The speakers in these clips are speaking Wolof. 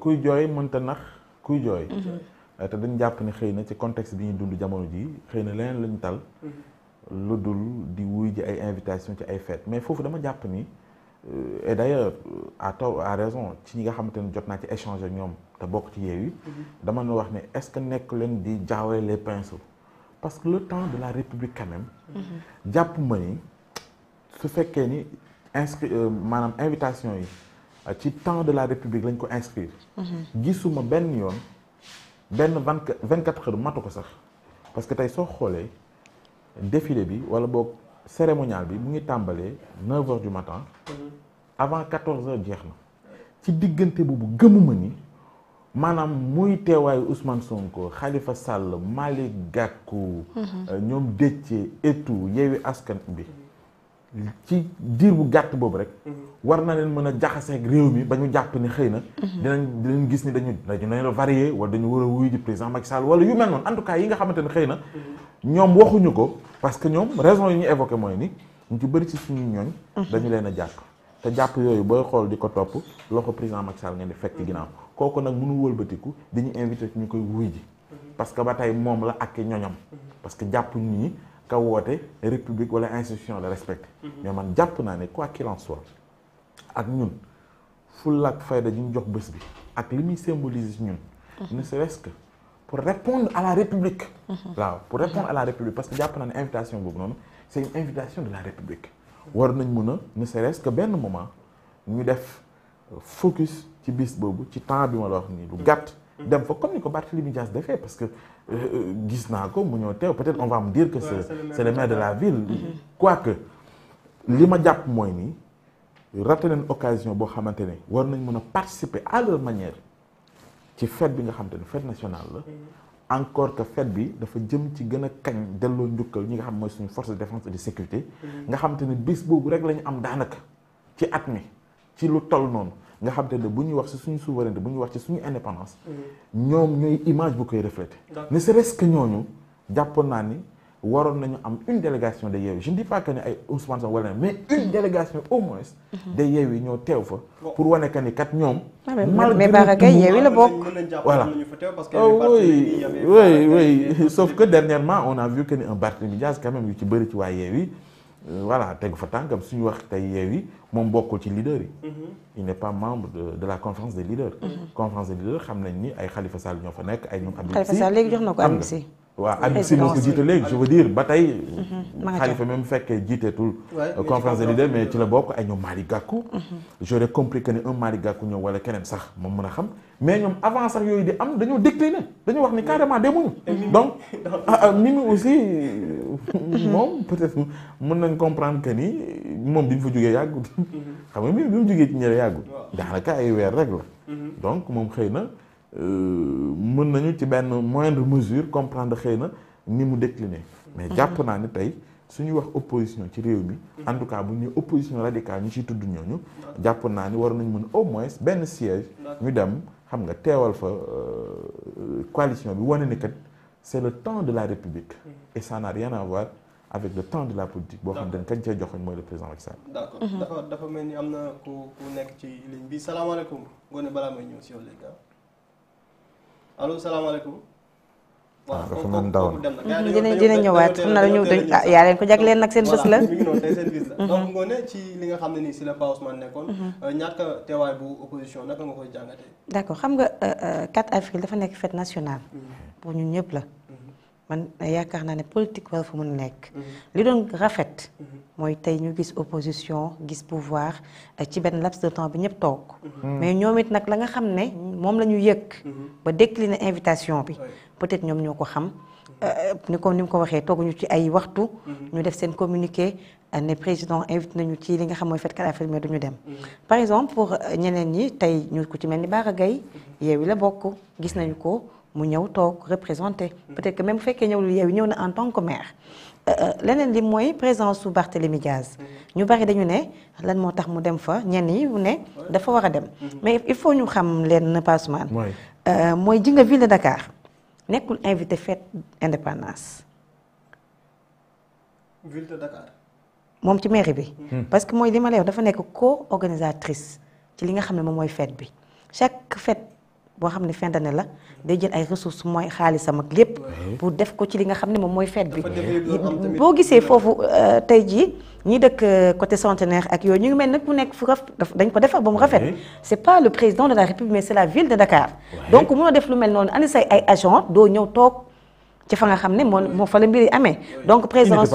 kuy jooy mënta nax kuy jooy mm-hmm. euh, te dañ jàpp ne xëy na ci contexte bi ñuy dund jamono ji xëy na leneen lañu tal mm-hmm. lu dul di wuy ji ay invitation ci ay fête mais foofu dama jàpp ni euh, et d'ailleurs à à raison ci ñi nga xamante ne jot naa ci échange ñoom te bokk ci yeew yi mm-hmm. dama na wax ne est-ce que nekk leen di jaawale les pinceaux parce que le temps de la république quand jàpp ma ni su fekkee ni inscrit euh, maanaam invitation yi Euh, ci temps de la république lañ ko inscrire. gisuma benn yoon benn vingt vingt quatre heures matu ko sax parce que tey soo xoolee défilé bi wala boog cérémonial bi mu ngi tàmbalee neuf heures du matin. avant quatorze heures jeex na ci diggante boobu gëmuma ni maanaam muy teewaayu Ousmane Sonko Khalifa Sall Malick Gakou. Mhm. Euh, ñoom Déthié et tout Yewwi Askan bi. ci diir bu gàtt boobu rek. war na leen mën a jaxasee jaxaseeg réew mi ba ñu jàpp ni xëy na. dinañ dinañ gis ni dañu dañu varié wala dañu war a wuyu ji président Macky Sall wala yu mel noonu en tout cas yi nga xamante ne xëy na. ñoom waxuñu ko parce que ñoom raison yi ñu évoqué mooy ni ñu ci bëri ci suñu ñooñ. dañu leen a jàpp te jàpp yooyu booy xool di ko topp loxo président Macky Sall ngeen di fekk ginnaaw kooko nag mënu wëlbatiku di ñu invité ñu koy wuy ji. parce que ba tey moom la ak ñoñam. parce que jàpp ñii. ka woote république wala institution la respecté. Mhm. mais man jàpp naa ne quoi qu'il en soit ak ñun fulla ak fayda ñu jox bés bi ak li muy symboliser ci ñun. Mhm. ne serait-ce que pour répondre à la république. Mhm. waaw pour répondre à la république parce que jàpp naa ne invitation boobu noonu c'est une invitation de la république. war nañ mun a ne serait que benn moment ñu def focus ci bis boobu ci temps bi ma la wax nii lu gàtt. dem fa comme ni ko Barthélémy Dias defee parce que euh, euh, gis naa ko mu ñëw teew peut-être on va me dire que c'est le de la ville mm-hmm. que li ma jàpp mooy nii raté nañ occasion boo xamante ne war nañ mën a participer à manière ci fête bi nga xamante ne fête national la mm-hmm. encore que fête bi dafa jëm ci gën a kañ delloo njukkal ñi nga xam mooy suñu force de défense et de sécurité mm-hmm. nga xamante ne bis boobu rek la ñu am daanaka ci at mi ci lu toll noonu nga xam te ne bu ñuy wax ci suñu souveraineté bu ñuy wax ci suñu indépendance. Mm-hmm. ñoom ñooy image bu koy refléter. ne serait-ce que ñooñu jàppoon naa ni waroon nañu am une délégation de Yewwi je ne dis pas que ne ay Ousmane Sonko au moins. Mm-hmm. de Yewwi ñoo teew fa. pour wane que ni kat ñoom. a ah, Bara Gaye Yewwi la bokk. voilà ah, oui oui sauf que dernièrement on a vu que ni un Barthélémy quand même yu ci bëri ci waa Yewwi. voilà tegu fa tànkam suñu wax tey Yewwi moom bokkul ci leader yi. Mhm. il ne pas membre de la conférence des leaders. Mhm. conférence des leaders xam nañ ni ay xalifa Sall ñoo fa nekk ay ñoom. Habib Sy Khalifa léegi jox na ko Habib si waaw Habib Sy moo ko jiite léegi je veux dire ba tey. Mm-hmm. Khalifa même fekkee jiiteetul. conférence de leaders mais ci la bokk ay ñoom Malick gàkku mm-hmm. j'aurais compris que ni un Malick Gakou ñëw wala keneen sax moom mën a xam mais ñoom avant sax yooyu di am dañoo décliné dañoo wax ni carrément demuñu. donc ah, ah, Mimi aussi euh, moom peut-être mën nañ comprendre que ni moom bi mu fa jógee yàggut. Mm-hmm. xam nga Mimi bi mu jógee ci ñële yàggut. daanaka ay weer rek la. donc moom xëy na. mën nañu ci benn moindre mesure comprendre xëy na ni mu décliné. mais mhm. jàpp naa ne tey suñu wax opposition ci réew mi. en tout cas bu ñu opposition radicale ñu ciy tudd ñooñu. jàpp naa ni war nañ mën au moins benn siège. ñu dem xam nga teewal fa euh, coalition bi wane ni kat c' le temps de la république. Mhm. et ça n' a rien à voir avec le temps de la politique. boo xam ne dañ kañ cee jox mooy le président Macky Sall. Mhm. ci ligne bi allo salaamaaleykum. Ah, waaw kooku moom daw na dinañ ñëwaat xam naa dañu dañ ah yaa leen ko jagleel nag seen bés la donc ngoone ci li nga xam ne nii si la Pa Ousmane nekkoon mhm. euh, ñàkk teewaay bu opposition naka nga koy jàngatee. d'accord xam nga 4 euh, euh, avril dafa nekk fête nationale mhm. pour ñu ñëpp la. man yaakaar naa ne politique war fa mun nekk. li doon rafet. mooy tey ñu gis opposition gis pouvoir eh, ci benn laps de temps bi ñëpp toog. Mm-hmm. mais ñoom it nag la nga xam ne moom la ñu yëg. Mm-hmm. ba décliner invitation bi. peut-être ñoom ñoo ko xam. Eh, ni ko ni mu ko waxee tooguñu ci ay waxtu. Mm-hmm. ñu def seen communiqué eh, ne président invite nañu ci li nga xam mooy fête calafel mais duñu dem. par exemple pour ñeneen ñi tey ñu ku ci mel ni Bara Gaye yeewi la bokk gis nañu ko. mu ñëw toog représenté. peut que même bu fekkee ñëwul Yewwi ñëw na en tant que euh, euh, leneen li mooy présence su Barthélémy Diaz. Mm-hmm. ñu bari dañu ne lan moo tax mu dem fa ñenn yi mu ne dafa war a dem. Mm-hmm. mais il faut ñu xam leen Passemane. Euh, mooy ji nga ville de Dakar nekkul invité fête indépendance. moom ci mairie bi. Mm-hmm. Mm. parce que mooy li dafa nekk co-organisatrice ci li nga xam ne moom mooy fête bi chaque fête. boo xam ne fin ne la day jël ay ressources mooy xaalisam ak lépp. pour def ko ci li nga xam ne moom mooy fête bi. boo gisee foofu euh, tey jii ñi dëkk euh, côté centenaire ak yooyu ñu ngi mel nag mu nekk fu raf dañ ko defar ba mu rafet. c' pas le président de la république mais c' est la ville de Dakar. donc munoo def lu mel noonu andi say agent doo ñëw toog ci fa nga xam ne moo moo fa la mbir yi amee. donc présidence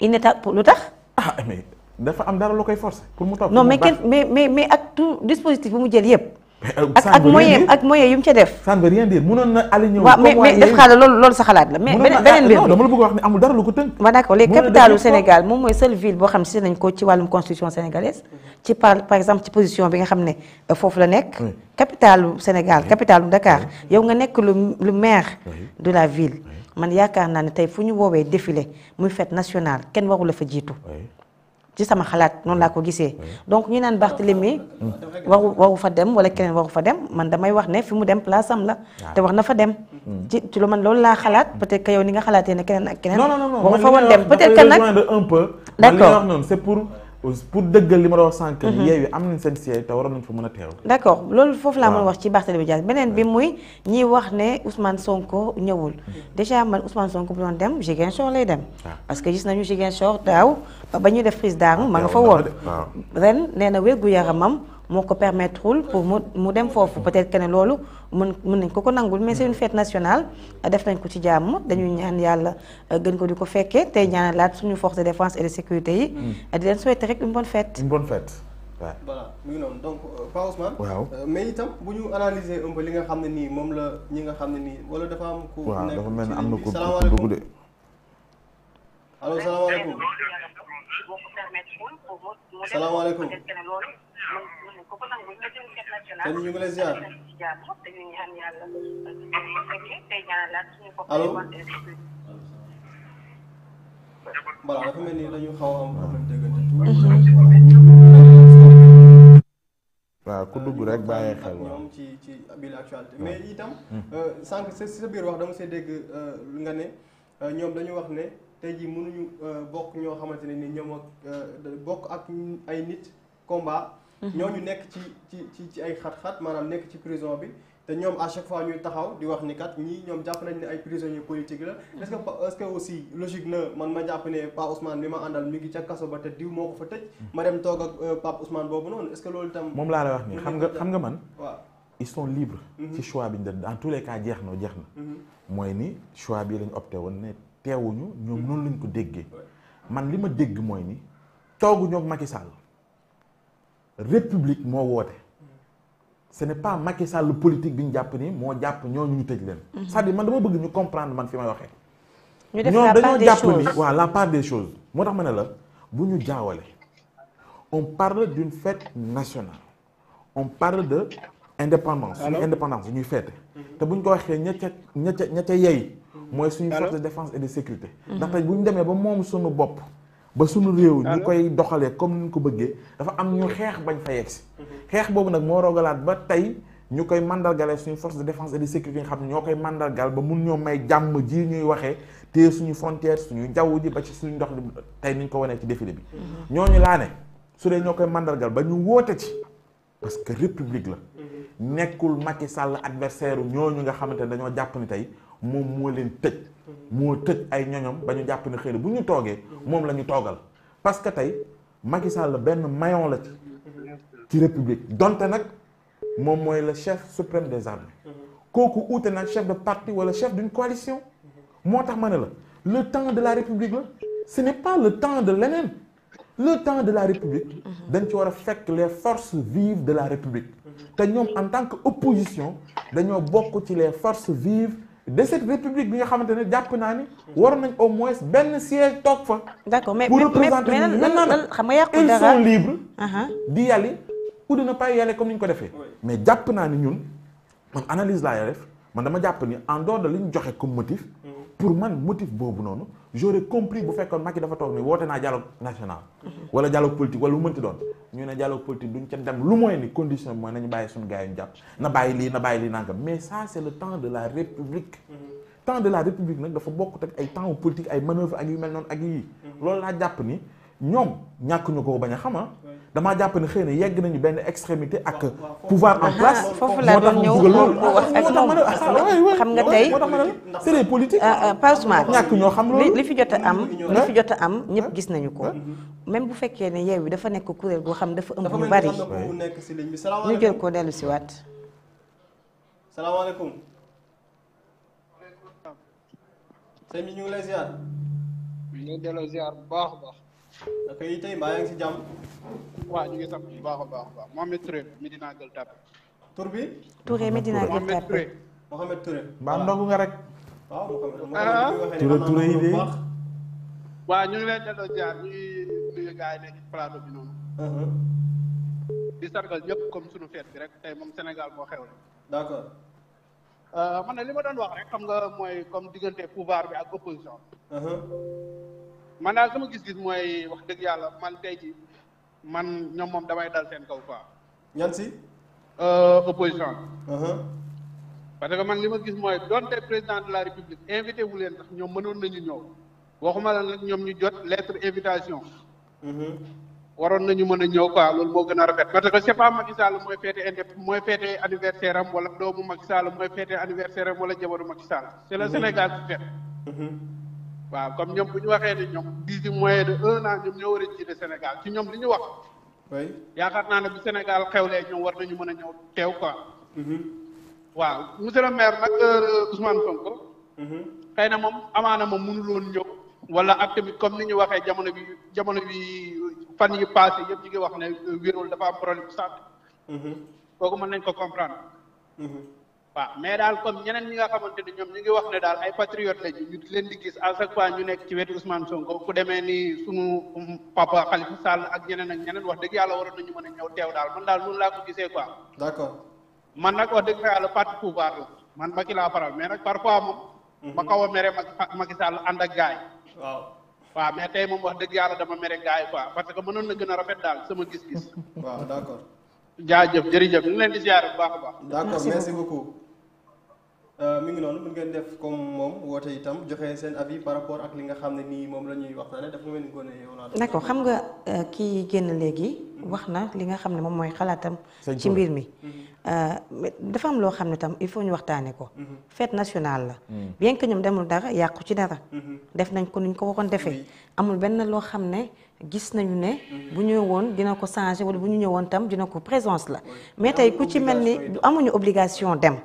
il n' pour lu tax. ah mais dafa am lu koy forcer pour mu toog non mais mais mais ak tout dispositif bu mu jël yëpp. Euh, ak ak moyen ak moyen yu mu ca def. ça ne na aligné sa xalaat la. mais beneen mbir dama la bëgg wax ne amul mooy seule ville boo xam si nañ ko ci wàllum constitution sénégalaise. ci par par exemple ci bi nga xam ne euh, foofu la nekk. capitalu Sénégal capitalu Dakar yow nga nekk lu lu maire de la ville. man yaakaar naa ne tey fu ñu woowee défilé muy fête nationale kenn waru la fa jiitu. ci sama xalaat noonu laa ko gisee donc ñu naan Barthélemy waru waru fa dem wala keneen waxu fa dem man damay wax ne fi mu dem place sam la te wax na fa dem hmm. ci ci lu man loolu laa xalaat peut-être que ni nga xalaatee ne keneen ak keneen waru fa woon dem peut-être nag un peu d'accord c'est pour pour dëggal li ma doon sànq. Mhm. yeewi am nañ seen siège te waroon nañ fa mën a teew. d'accord loolu foofu laa mën wax ci Barthélémy Dias beneen bi muy ñiy wax ne Ousmane Sonko ñëwul mhm. déjà man Ousmane Sonko bu doon dem Ziguinchor lay dem. Ah. parce que gis nañu Ziguinchor daaw ba ñuy def prise d'armes ma nga fa woon. ren nee na wérgu yaramam. moo ko permettrewul pour mu mu dem foofu peut-être que loolu mun mën nañ ko ko nangul mais c'est une fête nationale def nañ ko ci jàmm dañuy ñaan yàlla euh, gën ko di ko fekkee tey laat suñu force de défense et de sécurité yi. Mm. di leen souhaiter rek une bonne fête. une bonne fête. waaw mu ngi noonu donc euh, Pa Ousmane. waaw euh, mais itam bu ñu analyser un peu li nga xam ne nii moom la ñi nga xam ne nii wala dafa am. ku nekk dafa mel ni am na ko dugg de. allo salaamaaleykum. kenn ñu ngi xaw a mhm. ku dugg rek bàyyi xel ci ci biir actualité mais itam. Hmm. Euh, sànq si sa biir wax dama see dégg euh, nga ne euh, ñoom dañu wax ne tey jii mënuñu bokk ñoo xamante ne ni ñoom ak bokk ak ay nit combat. Mhm. ñu nekk ci ci ci ci ay xat-xat maanaam nekk ci prison bi te ñoom a chaque fois ñuy taxaw di wax ni kat ñii ñoom jàpp nañ ne ay prisonniers politiques mhm. que aussi logique man ma jàpp ne Pape Ousmane bi ma àndal mi ngi ca kaso ba te diw moo ko fa tëj. Mhm. ma dem toog ak euh, Pape Ousmane boobu noonu est-ce que loolu tam. moom laa lay wax nii xam nga xam nga man. waaw ils sont ci choix bi ñu def daan tous les cas jeex na jeex na. mooy ni choix bi lañ opté woon ne teewuñu ñoom noonu lañ ko déggee. man li ma dégg mooy ni tooguñu ak Macky Sall république moo woote ce n'est pas Macky Sall politique bi ñu jàpp ni moo jàpp ñoo ñu tëj leen mhm. c'est-à-dire man dama bëgg ñu comprendre man fi may waxee ñoom dañoo jàpp ni waaw la part des choses moo tax ma ne la bu ñu jaawale on parle du fête nationale on parle de indépendance suñu indépendance ñuy fête mhm. te bu ñu ko waxee ña ca ña ca ña ca yey mooy suñu force de défense et de sécurité mhm. ndax tey bu ñu demee ba moom sunu bopp ba suñu réew ñu ah koy doxalee comme ni ñu ko bëggee dafa am ñu xeex bañ fa yegg si mhm. xeex boobu nag moo rogalaat ba tey ñu koy mandargale suñu force de défense et de sécurité nga xam ne ñoo koy mandargal ba mun ñoo may jàmm ji ñuy waxee téye suñu frontière suñu jaww ji ba ci suñu ndox li tey niñ ko wanee ci défilé bi mhm. ñooñu laa ne su dee ñoo koy mandargal ba ñu woote ci parce que république la mhm. nekkul Macky Sall adversaire ñu nga xamante ne dañoo jàpp ni tey moom moo leen tëj moo tëj ay ñoñom ba ñu jàpp ne xëy na bu ñu toogee moom la ñu toogal parce que tey Macky Sall benn mayon la ci ci république donte nag moom mooy le chef suprême des armées kooku uute nag chef de parti wala chef d'une coalition moo tax ma ne la le temps de la république la ce n'est pas le temps de leneen le temps de la république dañ ci war a fekk les forces vives de la république te ñoom en tant que opposition dañoo bokk ci les forces vives de cette république bi nga xamante ne jàpp naa ni waroon nañ au moins benn siège toog fa. d'accord mais pour représenter maintenant xam nga yàqu dara ils sont libres. di comme ni ñu ko defee. mais jàpp naa ni ñun man analyse laa def man dama jàpp ni en dehors de li ñu joxe comme motif. Mm. pour man motif boobu noonu j'aurais compris bu fekkoon Macky dafa toog ni woote naa dialogue national wala dialogue politique wala lu mënti doon ñu ne dialogue politique duñ ca dem lu mooy ni condition bi mooy nañu bàyyi suñu gars yi ñu jàpp na bàyyi lii na bàyyi lii nangam mais ça c'est le temps de la république mm-hmm. temps de la république nag dafa bokkut ak ay temps politique ay manœuvre ak yu mel noonu ak yii mm-hmm. loolu laa jàpp ni ñoom ñàkk ñu ko bañ a xama ah. damaa jàpp ne xëy na yegg nañu benn extrémité ak pouvoir en place foofu laa doon ñëw pour wax ak ah, xam nga tey c'est les politiques ah, ah, pas ñàkk ñoo xam loolu li fi jot a am li fi jot am ñëpp gis nañu ko même bu fekkee ne yeew yi dafa nekk kuréel goo xam dafa ëmb ñu bari ñu jël ko dellu si waat salaamaaleykum sëñ bi ñu ngi lay ziar ñu bu baax naka tey mbaa yaa ngi si jàmm. waaw ñu ngi sant bu baax a baax a baax Mohamed Touré Medina Gueule Tapée. tur bi. Touré Medina Gueule Tapée mbaa ndogu nga rek. waaw Mohamed yi de. Ah, ah. waaw ñu ngi leen delloo jaar ñu ngi nuyu nekk ci bi noonu. Uh-huh. di sargal ñëpp comme suñu feet bi rek tey moom Sénégal moo xew la. d'accord. Euh, man li ma daan wax rek xam nga mooy comme diggante pouvoir bi ak opposition. Uh-huh. man daal sama gis-gis mooy wax dëgg yàlla man tey ci man ñoom moom damay dal seen kaw quoi. ñan si. Euh, opposition uh-huh. parce que man li ma gis mooy doonte président de la république invité wu leen ñoom mënoon ñu ñëw waxuma la nag ñoom ñu jot lettre invitation. Uh-huh. waroon nañu mën a ñëw quoi loolu moo gën a rafet parce que c'est pas Macky Sall mooy féete indép mooy féete anniversaire am wala doomu Macky Sall mooy féete anniversaire wala jabaru Macky Sall c'est le uh-huh. Sénégal su fekk. waaw comme ñoom bu ñu waxee ne ñoom d'ici moyen de un an ñoom ñoo war a jiite Sénégal ci ñoom li ñu wax. oui yaakaar naa ne bu Sénégal xewlee ñoom war nañu mën a ñëw teew ko mm-hmm. waaw monsieur maire nag euh, Ousmane Sonko. Mm-hmm. xëy na moom amaana moom mënul woon ñëw. wala ak tamit comme ni ñu waxee jamono bi jamono bi fan yi passé yëpp ñu wax ne euh, wérul dafa am problème bu santé. Mm-hmm. kooku mën nañ ko comprendre. waaw mais daal comme ñeneen ñi nga xamante ni ñoom ñu wax ne daal ay patriote leen di gis à chaque fois nekk ci wetu Ousmane Sonko ku demee ni sunu ak ñeneen ak ñeneen wax dëgg yàlla waroon a ñëw teew daal man daal noonu laa ko gisee quoi. man nag wax dëgg yàlla parti pouvoir man Macky laa faral mais nag parfois moom. ma mhm. kaw a mere Macky Sall ànd ak gaay waaw mais tey moom wax dëgg yàlla dama mere gaay quoi parce que mënoon na gën a rafet daal sama gis-gis. waaw d'accord. jaajëf jërëjëf ñu ngi leen di ziar bu baax a baax. d'accord merci Euh, mi ngi noonu mën ngeen def comme moom woote itam joxe seen avis par rapport ak li nga xam ne nii moom la waxtaane dafa mel xam nga euh, kii génn léegi mm-hmm. wax na li nga xam ne moom mooy xalaatam ci mbir mi mm-hmm. euh, dafa am loo xam ne tam il faut ñu waxtaane ko mm-hmm. fête nationale la mm. bien que ñoom demul dara yàqu ci dara def nañ ko nuñ ko waxoon defee amul benn loo xam ne gis nañu ne bu ñu woon dina ko changer wala bu ñu ñëwoon tam dina ko présence la mais tey ku ci mel ni amuñu obligation dem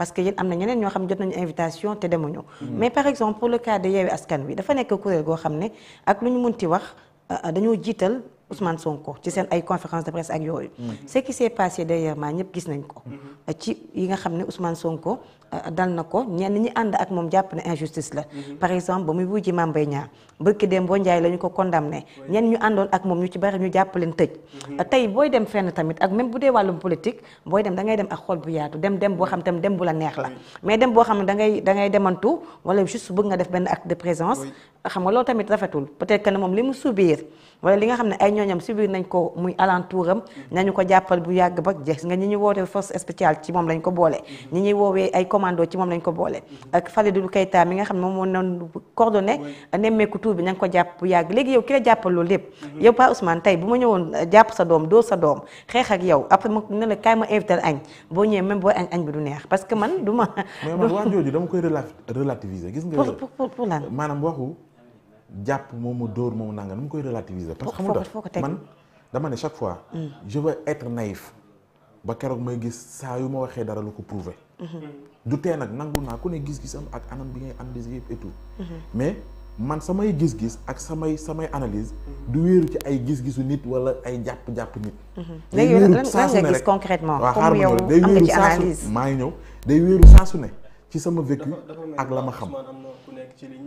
parce que yéen am na ñeneen ñoo xam ne jot nañu invitation te demuñu. mais par exemple pour le cas de Yewwi Askan Wi dafa nekk kuréel goo xam ne ak lu ñu ti wax euh, dañoo jiital. Ousmane Sonko ci seen ay conférence de presse ak yooyu. Mm-hmm. ce qui s'est passé derrière ma ñëpp gis nañ ko. Mm-hmm. Euh, ci yi nga xam ne Ousmane Sonko euh, dal na ko ñenn ñi ànd ak moom jàpp na injustice la. Mm-hmm. par exemple ba muy wujji Mame Mbaye Niang bëkki dem boo Ndiaye la ñu ko condamné ñenn ñu àndoon ak moom ñu ci bari ñu jàpp leen tëj. Euh, tey booy dem fenn tamit ak même bu dee wàllum politique booy dem dangay dem ak xol bu yaatu dem dem boo xam tam dem bu la neex la mais dem boo xam ne da da ngay demantu wala juste bëgg nga def benn acte de xam nga loolu tamit rafetul peut wala li nga xam ne ay ñooñam subir nañ ko muy alentouram nañu ko jàppal bu yàgg ba jeex nga ñi ñu wootee force spéciale ci moom lañ ko boole ñi ñuy woowee ay commando ci moom lañ ko boole ak Falidou Keita mi nga xam ne moom moo noon coordonné nemmeeku tuur bi na ko jàpp bu yàgg léegi yow ki la jàppal lépp mhm. yow Pa Ousmane tey bu ma ñëwoon euh, jàpp sa doom dóor sa doom xeex ak yow après ma ne la kaay ma invité añ boo ñëwee même boo añ añ bi neex parce que man du ma mais man wax jooju dama koy nga pour pour pour lan jàpp moom ma dóor moom nanga nu mu koy relativiser. parce que xamul tax man dama ne chaque fois. Mm. je veux être naïf. ba keroog may gis saa yu ma waxee dara lu ko prouver. Mm-hmm. du tee nag nangu naa ku ne gis-gisam ak anam bi ngay analyser yëpp et tout. Mm-hmm. mais man samay gis-gis ak samay samay analyse du wéeru ci ay gis-gisu nit wala ay jàpp-jàpp nit. Mm-hmm. day wéeru saa ne concrètement. comme yow am day wéeru saa ne ci sama vécu ak la ma xam.